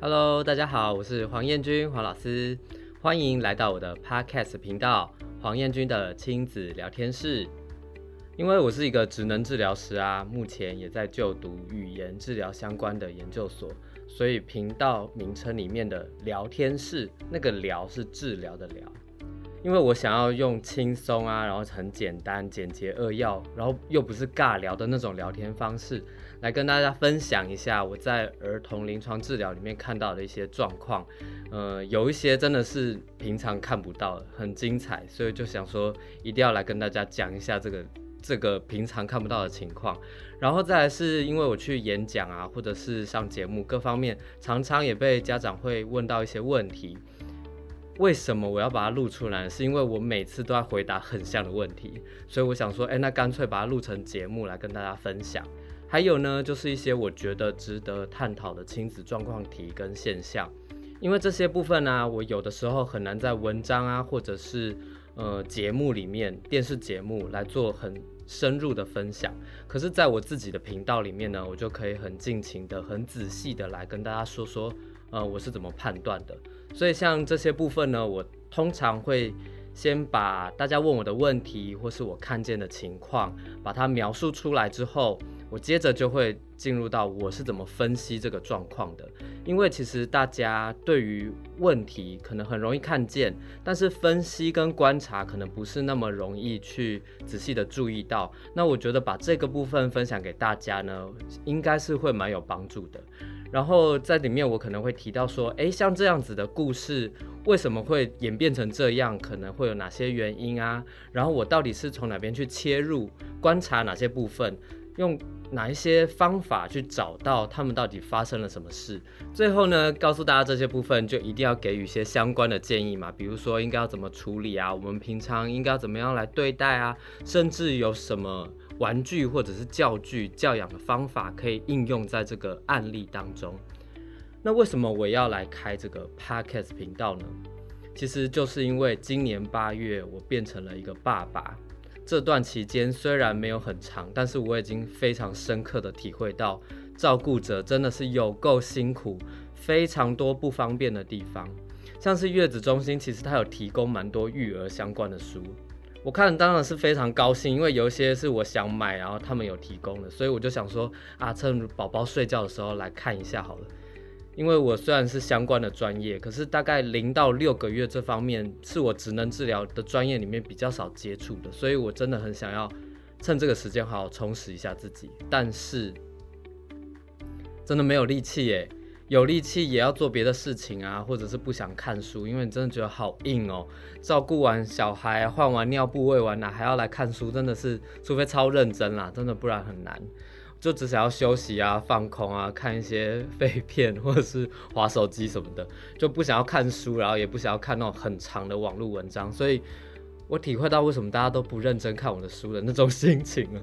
Hello，大家好，我是黃彥君，黃老師。歡迎來到我的 Podcast 頻道——黃彥君的親子療天室。因為我是一個職能治療師啊，目前也在就讀語言治療相關的研究所，所以頻道名稱裡面的“療天室”那個“療”是治療的“療”，因為我想要用輕鬆啊，然後很簡單、簡潔扼要，然後又不是尬聊的那種聊天方式。來跟大家分享一下我在兒童臨床治療裡面看到的一些狀況，呃，有一些真的是平常看不到，很精彩，所以就想說一定要來跟大家講一下這個這個平常看不到的情況。然後再來是因為我去演講啊，或者是上節目，各方面常常也被家長會問到一些問題。為什麼我要把它錄出來？是因為我每次都要回答很像的問題，所以我想說，哎，那乾脆把它錄成節目來跟大家分享。還有呢，就是一些我覺得值得探討的親子狀況題跟現象，因為這些部分呢、啊，我有的時候很難在文章啊，或者是呃節目裡面，電視節目來做很深入的分享。可是，在我自己的頻道裡面呢，我就可以很盡情的、很仔細的來跟大家說說，呃，我是怎麼判斷的。所以，像這些部分呢，我通常會，先把大家問我的問題，或是我看見的情況，把它描述出來之後，我接着就會進入到我是怎麼分析這個狀況的。因為其實大家對於問題可能很容易看見，但是分析跟觀察可能不是那麼容易去仔細的注意到。那我覺得把這個部分分享給大家呢，應該是會蠻有幫助的。然後在裡面，我可能會提到說，誒，像這樣子的故事為什麼會演變成這樣？可能會有哪些原因啊？然後我到底是從哪邊去切入，觀察哪些部分，用哪一些方法去找到他們到底發生了什麼事？最後呢，告訴大家這些部分就一定要給予一些相關的建議嘛，比如說應該要怎麼處理啊，我們平常應該要怎麼樣來對待啊，甚至有什麼。玩具或者是教具教養的方法可以應用在這個案例當中。那為什麼我要來開這個 Podcast 頻道呢？其實就是因為今年八月我變成了一個爸爸。這段期間雖然沒有很長，但是我已經非常深刻的體會到，照顧者真的是有夠辛苦，非常多不方便的地方。像是月子中心，其實它有提供蠻多育兒相關的書。我看當然是非常高興，因為有一些是我想買，然後他們有提供的，所以我就想說啊，趁寶寶睡覺的時候來看一下好了。因為我雖然是相關的專業，可是大概零到六個月這方面是我職能治療的專業裡面比較少接觸的，所以我真的很想要趁這個時間好好充實一下自己，但是真的沒有力氣耶。有力氣也要做別的事情啊，或者是不想看書，因為你真的覺得好硬哦。照顧完小孩，換完尿布，餵完奶，還要來看書，真的是，除非超認真啦，真的不然很難。就只想要休息啊，放空啊，看一些廢片或者是滑手機什麼的，就不想要看書，然後也不想要看那種很長的網絡文章。所以我體會到為什麼大家都不認真看我的書的那種心情了。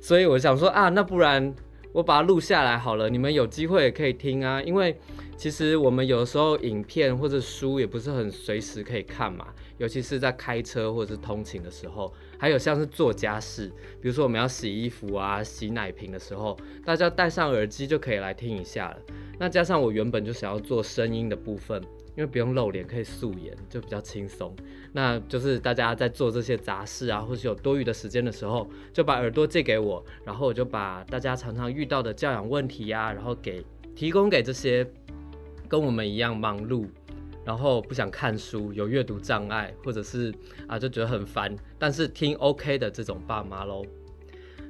所以我想說啊，那不然。我把它錄下來好了，你們有機會也可以聽啊。因為其實我們有的時候影片或者書也不是很隨時可以看嘛，尤其是在開車或者是通勤的時候，還有像是做家事，比如說我們要洗衣服啊、洗奶瓶的時候，大家戴上耳機就可以來聽一下了。那加上我原本就想要做聲音的部分。因為不用露臉，可以素顏，就比較輕鬆。那就是大家在做這些雜事啊，或是有多餘的時間的時候，就把耳朵借給我，然後我就把大家常常遇到的教養問題啊，然後給提供給這些跟我們一樣忙碌，然後不想看書、有閱讀障礙，或者是啊就覺得很煩，但是聽 OK 的這種爸媽嘍。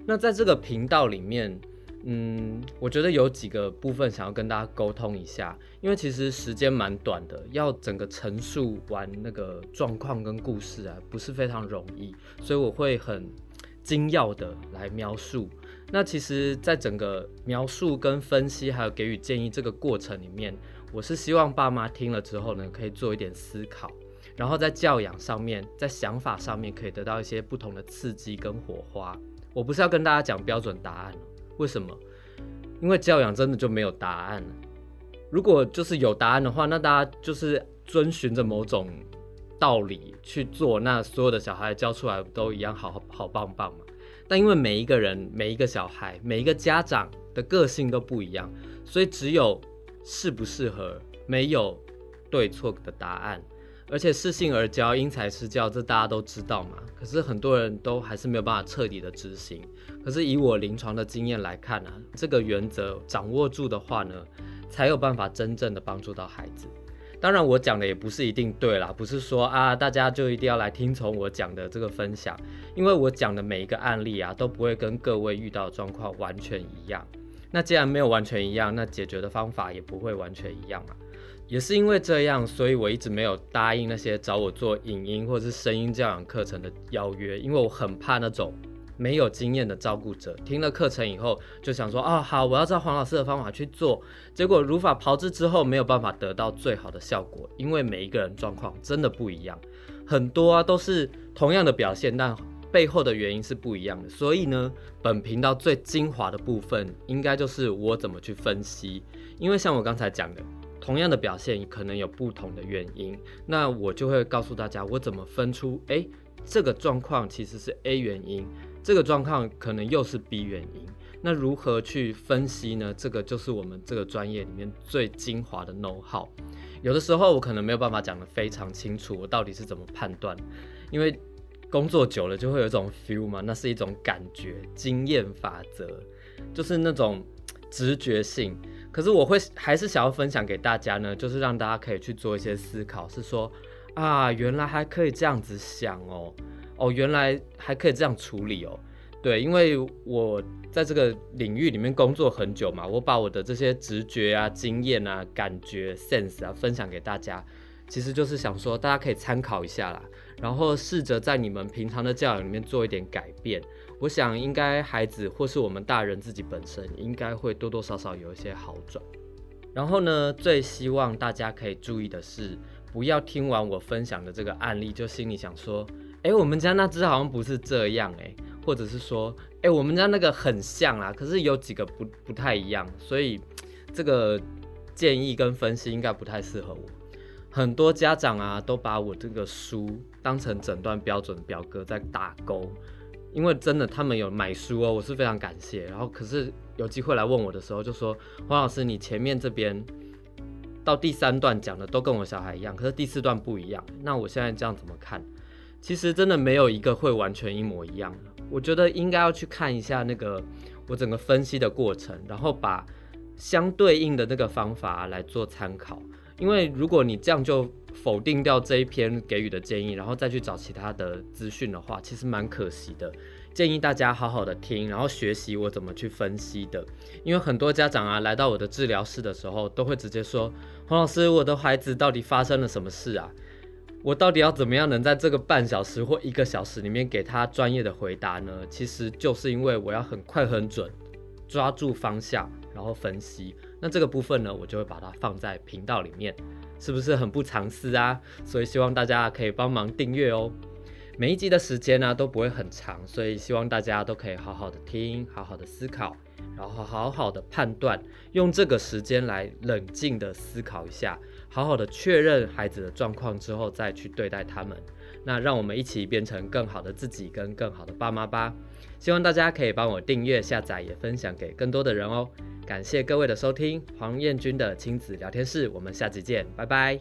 那在這個頻道裡面。嗯，我覺得有幾個部分想要跟大家溝通一下，因為其實時間蠻短的，要整個陳述完那個狀況跟故事啊，不是非常容易，所以我會很精要的來描述。那其實，在整個描述跟分析還有給予建議這個過程裡面，我是希望爸媽聽了之後呢，可以做一點思考，然後在教養上面，在想法上面可以得到一些不同的刺激跟火花。我不是要跟大家講標準答案。為什麼？因為教養真的就沒有答案了。如果就是有答案的話，那大家就是遵循着某種道理去做，那所有的小孩教出來都一樣好好好棒棒嘛。但因為每一個人、每一個小孩、每一個家長的個性都不一樣，所以只有適不適合，沒有對錯的答案。而且適性而教，因材施教，這大家都知道嘛。可是很多人都還是沒有辦法徹底的執行。可是以我臨床的經驗來看呢、啊，這個原則掌握住的話呢，才有辦法真正的幫助到孩子。當然，我講的也不是一定對啦，不是說啊，大家就一定要來聽從我講的這個分享。因為我講的每一個案例啊，都不會跟各位遇到的狀況完全一樣。那既然沒有完全一樣，那解決的方法也不會完全一樣嘛。也是因為這樣，所以我一直沒有答應那些找我做影音或者是聲音教養課程的邀約，因為我很怕那種沒有經驗的照顧者聽了課程以後就想說：哦、啊，好，我要照黃老師的方法去做。結果如法炮制之後，沒有辦法得到最好的效果，因為每一個人狀況真的不一樣，很多啊都是同樣的表現，但。背後的原因是不一樣的，所以呢，本頻道最精華的部分應該就是我怎麼去分析。因為像我剛才講的，同樣的表現可能有不同的原因，那我就會告訴大家我怎麼分出，哎、欸，這個狀況其實是 A 原因，這個狀況可能又是 B 原因。那如何去分析呢？這個就是我們這個專業裡面最精華的 know-how。有的時候我可能沒有辦法講得非常清楚，我到底是怎麼判斷，因為。工作久了就會有一種 feel 嘛，那是一種感覺、經驗法則，就是那種直覺性。可是我會還是想要分享給大家呢，就是讓大家可以去做一些思考，是說啊，原來還可以這樣子想哦，哦，原來還可以這樣處理哦。對，因為我在這個領域裡面工作很久嘛，我把我的這些直覺啊、經驗啊、感覺、sense 啊分享給大家，其實就是想說大家可以參考一下啦。然後試着在你們平常的教養裡面做一點改變，我想應該孩子或是我們大人自己本身應該會多多少少有一些好轉。然後呢，最希望大家可以注意的是，不要聽完我分享的這個案例就心裡想說，誒，我們家那隻好像不是這樣誒、欸，或者是說，誒，我們家那個很像啊，可是有幾個不不太一樣，所以這個建議跟分析應該不太適合我。很多家長啊，都把我這個書，當成診斷標準表格在打勾，因為真的他們有買書哦，我是非常感謝。然後可是有機會來問我的時候，就說黃老師，你前面這邊到第三段講的都跟我小孩一樣，可是第四段不一樣。那我現在這樣怎麼看？其實真的沒有一個會完全一模一樣。我覺得應該要去看一下那個我整個分析的過程，然後把相對應的那個方法來做參考。因為如果你這樣就。否定掉這一篇給予的建議，然後再去找其他的資訊的話，其實蠻可惜的。建議大家好好的聽，然後學習我怎麼去分析的。因爲很多家長啊，來到我的治療室的時候，都會直接說：“黃老師，我的孩子到底發生了什麼事啊？我到底要怎麼樣能在這個半小時或一個小時裏面給他專業的回答呢？”其實就是因爲我要很快很準抓住方向，然後分析。那這個部分呢，我就會把它放在頻道裏面。是不是很不償失啊？所以希望大家可以幫忙訂閱哦。每一集的時間呢、啊、都不會很長，所以希望大家都可以好好的聽，好好的思考，然後好好的判斷，用這個時間來冷靜的思考一下，好好的確認孩子的狀況之後再去對待他們。那讓我們一起變成更好的自己跟更好的爸媽吧。希望大家可以幫我訂閱、下載，也分享給更多的人哦。感謝各位的收聽，黃彥君的親子療天室，我們下集見，拜拜。